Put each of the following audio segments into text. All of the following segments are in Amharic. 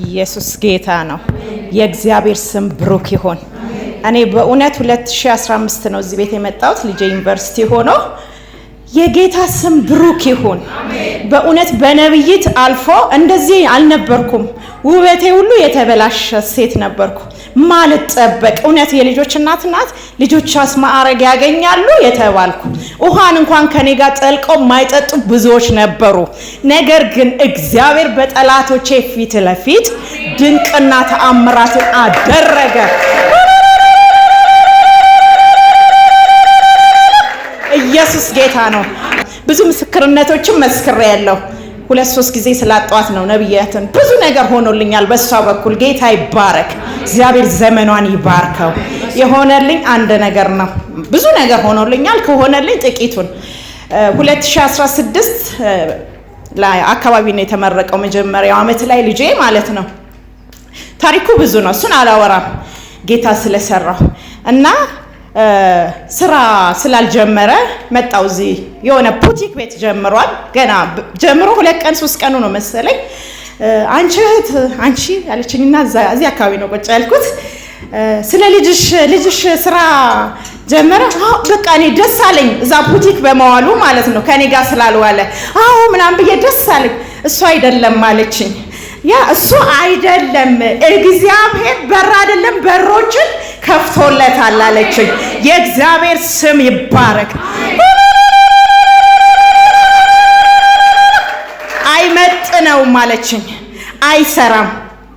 ኢየሱስ ጌታ ነው። የእግዚአብሔር ስም ብሩክ ይሆን። እኔ በእውነት 2015 ነው እዚህ ቤት የመጣሁት ልጄ ዩኒቨርሲቲ ሆኖ የጌታ ስም ብሩክ ይሁን። በእውነት በነብይት አልፎ እንደዚህ አልነበርኩም። ውበቴ ሁሉ የተበላሸ ሴት ነበርኩ ማለት ጠበቅ እውነት የልጆች እናት ናት። ማዕረግ ያገኛሉ የተባልኩ ውሃን እንኳን ከኔ ጋር ጠልቀው ማይጠጡ ብዙዎች ነበሩ። ነገር ግን እግዚአብሔር በጠላቶቼ ፊት ለፊት ድንቅና ተአምራትን አደረገ። ኢየሱስ ጌታ ነው። ብዙ ምስክርነቶችን መስክሬ ሁለት ሶስት ጊዜ ስላጧት ነው ነብያትን ብዙ ነገር ሆኖልኛል። በእሷ በኩል ጌታ ይባረክ፣ እግዚአብሔር ዘመኗን ይባርከው። የሆነልኝ አንድ ነገር ነው። ብዙ ነገር ሆኖልኛል። ከሆነልኝ ጥቂቱን 2016 ላይ አካባቢ ነው የተመረቀው። መጀመሪያው አመት ላይ ልጄ ማለት ነው። ታሪኩ ብዙ ነው፣ እሱን አላወራም። ጌታ ስለሰራው እና ስራ ስላልጀመረ መጣው። እዚህ የሆነ ቡቲክ ቤት ጀምሯል። ገና ጀምሮ ሁለት ቀን ሶስት ቀኑ ነው መሰለኝ። አንቺ እህት አንቺ ያለችኝና እዚህ አካባቢ ነው ቁጭ ያልኩት። ስለ ልጅሽ ልጅሽ ስራ ጀመረ? አዎ በቃ እኔ ደስ አለኝ እዛ ቡቲክ በመዋሉ ማለት ነው፣ ከኔ ጋር ስላልዋለ። አዎ ምናምን ብዬ ደስ አለኝ። እሱ አይደለም አለችኝ። ያ እሱ አይደለም እግዚአብሔር በር አይደለም በሮችን ከፍቶለታል አለችኝ። የእግዚአብሔር ስም ይባረክ። አይመጥነውም አለችኝ። አይሰራም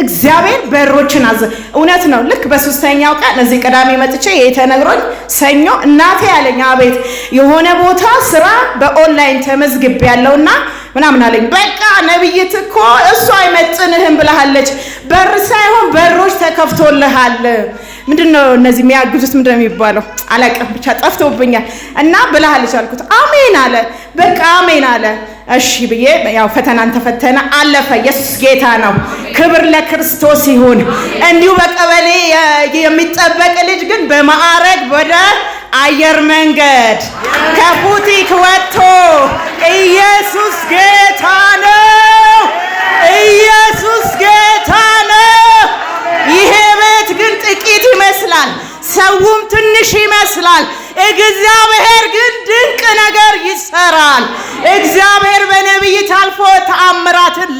እግዚአብሔር በሮችን አዘ እውነት ነው። ልክ በሶስተኛው ቀን እዚህ ቅዳሜ መጥቼ ተነግሮኝ ሰኞ እናቴ ያለኝ አቤት የሆነ ቦታ ስራ በኦንላይን ተመዝግብ ያለውና ምናምን አለኝ። በቃ ነብይት እኮ እሱ አይመጥንህም ብለሃለች። በር ሳይሆን በሮች ተከፍቶልሃል ምንድነው እነዚህ የሚያግዙት ምንድነው ነው የሚባለው? አላውቅም ብቻ ጠፍቶብኛል። እና ብለሃልሽ አልኩት። አሜን አለ። በቃ አሜን አለ። እሺ ብዬ ያው ፈተናን ተፈተነ፣ አለፈ። ኢየሱስ ጌታ ነው። ክብር ለክርስቶስ ይሁን። እንዲሁ በቀበሌ የሚጠበቅ ልጅ ግን በማዕረግ ወደ አየር መንገድ ከቡቲክ ወጥቶ ኢየሱስ ጌታ ነው።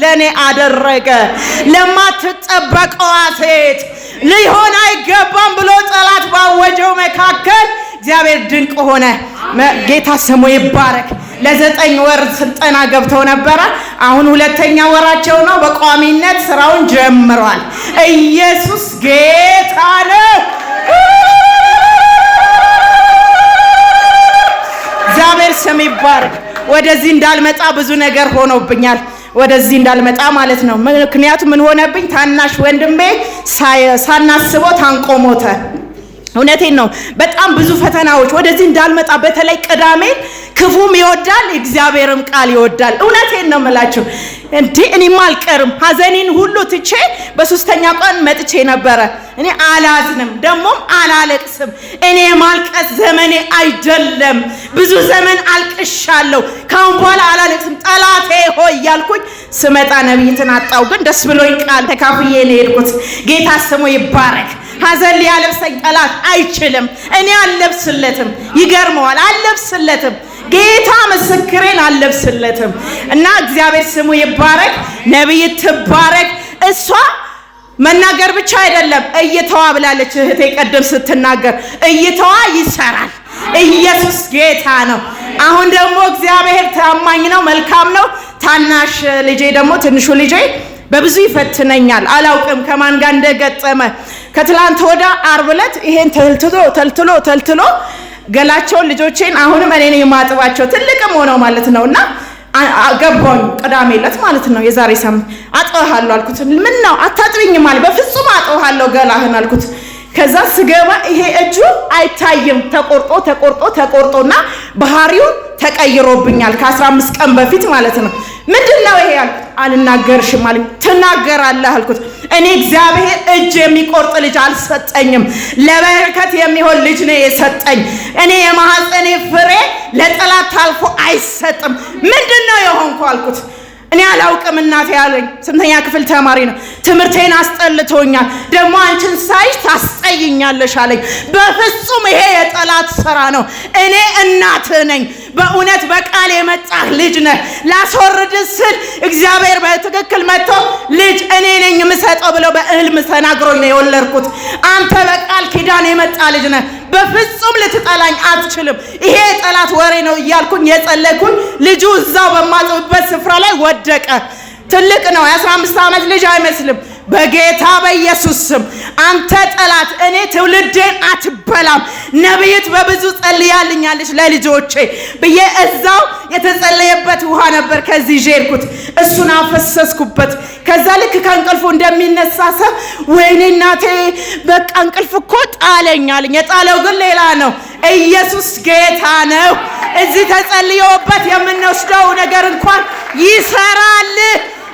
ለእኔ አደረገ። ለማትጠበቀዋ ሴት ሊሆን አይገባም ብሎ ጠላት ባወጀው መካከል እግዚአብሔር ድንቅ ሆነ። ጌታ ስሙ ይባረክ። ለዘጠኝ ወር ስልጠና ገብተው ነበረ። አሁን ሁለተኛ ወራቸው ነው። በቋሚነት ስራውን ጀምሯል። ኢየሱስ ጌታ ነው። እግዚአብሔር ስም ይባረክ። ወደዚህ እንዳልመጣ ብዙ ነገር ሆኖብኛል። ወደዚህ እንዳልመጣ ማለት ነው። ምክንያቱም ምን ሆነብኝ፣ ታናሽ ወንድሜ ሳናስበው ታንቆ ሞተ። እውነቴን ነው። በጣም ብዙ ፈተናዎች ወደዚህ እንዳልመጣ በተለይ ቅዳሜ ክፉም ይወዳል፣ እግዚአብሔርም ቃል ይወዳል። እውነቴን ነው የምላችሁ። እንዲህ እኔም አልቀርም ሐዘኔን ሁሉ ትቼ በሶስተኛ ቀን መጥቼ ነበረ። እኔ አላዝንም ደግሞም አላለቅስም። እኔ ማልቀስ ዘመኔ አይደለም። ብዙ ዘመን አልቅሻለሁ። ካሁን በኋላ አላለቅስም። ጠላቴ ሆይ እያልኩኝ ስመጣ ነቢይትን አጣው፣ ግን ደስ ብሎኝ ቃል ተካፍዬ ነው የሄድኩት። ጌታ ስሙ ይባረክ። ሐዘን ሊያለብሰኝ ጠላት አይችልም። እኔ አልለብስለትም። ይገርመዋል፣ አልለብስለትም ጌታ ምስክሬን አልለብስለትም እና እግዚአብሔር ስሙ ይባረክ። ነቢይ ትባረክ። እሷ መናገር ብቻ አይደለም እይተዋ ብላለች እህቴ ቀደም ስትናገር እይተዋ ይሰራል። ኢየሱስ ጌታ ነው። አሁን ደግሞ እግዚአብሔር ታማኝ ነው፣ መልካም ነው። ታናሽ ልጄ ደግሞ ትንሹ ልጄ በብዙ ይፈትነኛል። አላውቅም ከማን ጋር እንደገጠመ። ከትላንት ወደ አርብ ዕለት ይሄን ተልትሎ ተልትሎ ተልትሎ ገላቸውን ልጆቼን አሁንም እኔ ነው የማጥባቸው ትልቅም ሆነው ማለት ነው እና ገባኝ ቅዳሜ ዕለት ማለት ነው የዛሬ ሳምንት አጥብሃለሁ አልኩት። ምን ነው አታጥብኝም አለ። በፍጹም አጥብሃለሁ ገላህን አልኩት። ከዛ ስገባ ይሄ እጁ አይታይም ተቆርጦ ተቆርጦ ተቆርጦና ባህሪው ተቀይሮብኛል ከ15 ቀን በፊት ማለት ነው። ምንድን ነው ይሄ ያልኩት። አልናገርሽም አለኝ። ትናገራለህ አልኩት። እኔ እግዚአብሔር እጅ የሚቆርጥ ልጅ አልሰጠኝም፣ ለበረከት የሚሆን ልጅ ነው የሰጠኝ። እኔ የማህፀኔ ፍሬ ለጠላት ታልፎ አይሰጥም። ምንድን ነው የሆንኩ አልኩት። እኔ አላውቅም እናቴ አለኝ። ስምንተኛ ክፍል ተማሪ ነው። ትምህርቴን አስጠልቶኛል። ደግሞ አንቺን ሳይሽ ታስጠይኛለሽ አለኝ። በፍጹም ይሄ የጠላት ስራ ነው። እኔ እናትህ ነኝ። በእውነት በቃል የመጣህ ልጅ ነህ። ላስወርድ ስል እግዚአብሔር በትክክል መጥቶ ልጅ እኔ ነኝ የምሰጠው ብለው በእህልም ተናግሮኝ ነው የወለድኩት። አንተ በቃል ኪዳን የመጣ ልጅ ነህ። በፍጹም ልትጠላኝ አትችልም። ይሄ የጠላት ወሬ ነው እያልኩኝ የጸለኩኝ ልጁ እዛው በማጥብበት ስፍራ ላይ ወደቀ። ትልቅ ነው። የ15 ዓመት ልጅ አይመስልም። በጌታ በኢየሱስ ስም አንተ ጠላት፣ እኔ ትውልዴን አትበላም። ነቢይት በብዙ ጸልያልኛለች ለልጆቼ ብዬ እዛው የተጸለየበት ውሃ ነበር ከዚህ ይዤ እሱን አፈሰስኩበት። ከዛ ልክ ከእንቅልፉ እንደሚነሳ ሰው ወይኔ እናቴ በቃ እንቅልፍ እኮ ጣለኛልኝ። የጣለው ግን ሌላ ነው። ኢየሱስ ጌታ ነው። እዚህ ተጸልየውበት የምንወስደው ነገር እንኳን ይሰራል።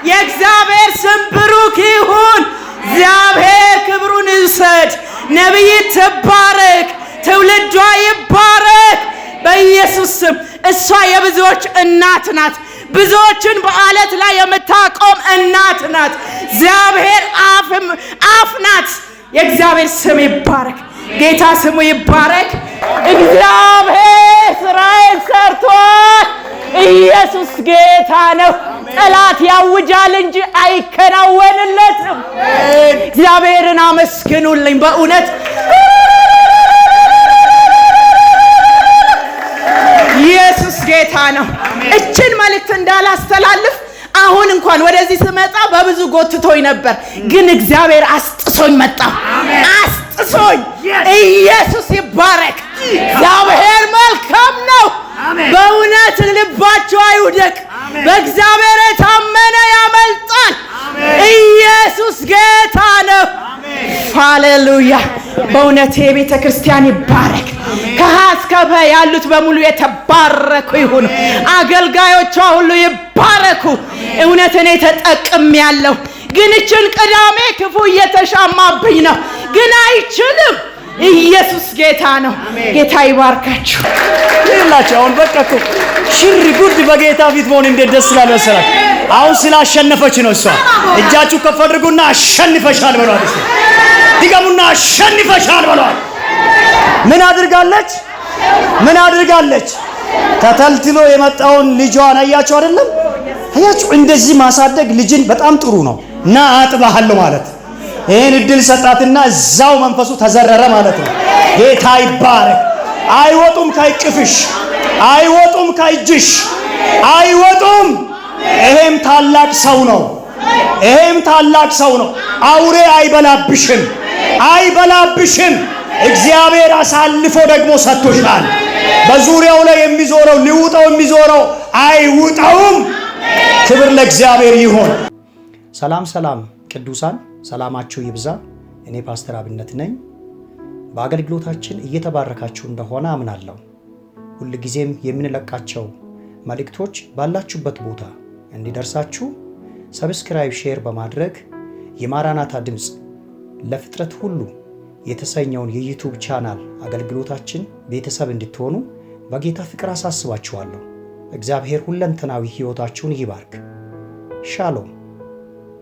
የእግዚአብሔር ስም ብሩክ ይሁን። እግዚአብሔር ክብሩን ይውሰድ። ነቢይ ትባረክ፣ ትውልዷ ይባረክ በኢየሱስ ስም። እሷ የብዙዎች እናት ናት። ብዙዎችን በአለት ላይ የምታቆም እናት ናት። እግዚአብሔር አፍ ናት። የእግዚአብሔር ስም ይባረክ። ጌታ ስሙ ይባረክ። እግዚአብሔር ስራዬን ሰርቷል። ኢየሱስ ጌታ ነው። ጠላት ያውጃል እንጂ አይከናወንለትም። እግዚአብሔርን አመስግኑልኝ በእውነት ኢየሱስ ጌታ ነው። እችን መልእክት እንዳላስተላልፍ አሁን እንኳን ወደዚህ ስመጣ በብዙ ጎትቶኝ ነበር፣ ግን እግዚአብሔር አስጥሶኝ መጣ። አስጥሶኝ ኢየሱስ ይባረክ። እግዚአብሔር መልካም ነው። በእውነት ልባቸው አይውደቅ። በእግዚአብሔር የታመነ ያመልጣል። ኢየሱስ ጌታ ነው። ሃሌሉያ! በእውነት የቤተ ክርስቲያን ይባረክ። ከሀ እስከ ፐ ያሉት በሙሉ የተባረኩ ይሁኑ። አገልጋዮቿ ሁሉ ይባረኩ። እውነት እኔ ተጠቅም ያለው ግን እችን ቅዳሜ ክፉ እየተሻማብኝ ነው፣ ግን አይችልም። ኢየሱስ ጌታ ነው። ጌታ ይባርካችሁ። ይላቸው አሁን በቃ ሽር ጉድ በጌታ ፊት መሆን እንዴት ደስ ይላል መሰላት። አሁን ስላሸነፈች ነው እሷ። እጃችሁ ከፍ አድርጉና አሸንፈሻል በሏት። እስቲ ድገሙና አሸንፈሻል በሏት። ምን አድርጋለች? ምን አድርጋለች? ተተልትሎ የመጣውን ልጇን አያችሁ አይደለም? አያችሁ እንደዚህ ማሳደግ ልጅን በጣም ጥሩ ነው። ና አጥባሃለሁ ማለት ይህን እድል ሰጣትና እዛው መንፈሱ ተዘረረ ማለት ነው። ጌታ ይባረክ። አይወጡም ከእቅፍሽ አይወ ከእጅሽ አይወጡም። ይሄም ታላቅ ሰው ነው። ይሄም ታላቅ ሰው ነው። አውሬ አይበላብሽም፣ አይበላብሽም። እግዚአብሔር አሳልፎ ደግሞ ሰጥቶሻል። በዙሪያው ላይ የሚዞረው ሊውጠው የሚዞረው አይውጠውም። ክብር ለእግዚአብሔር ይሆን። ሰላም ሰላም፣ ቅዱሳን ሰላማችሁ ይብዛ። እኔ ፓስተር አብነት ነኝ። በአገልግሎታችን እየተባረካችሁ እንደሆነ አምናለሁ። ሁልጊዜም የምንለቃቸው መልእክቶች ባላችሁበት ቦታ እንዲደርሳችሁ ሰብስክራይብ፣ ሼር በማድረግ የማራናታ ድምፅ ለፍጥረት ሁሉ የተሰኘውን የዩቱብ ቻናል አገልግሎታችን ቤተሰብ እንድትሆኑ በጌታ ፍቅር አሳስባችኋለሁ። እግዚአብሔር ሁለንተናዊ ሕይወታችሁን ይባርክ። ሻሎም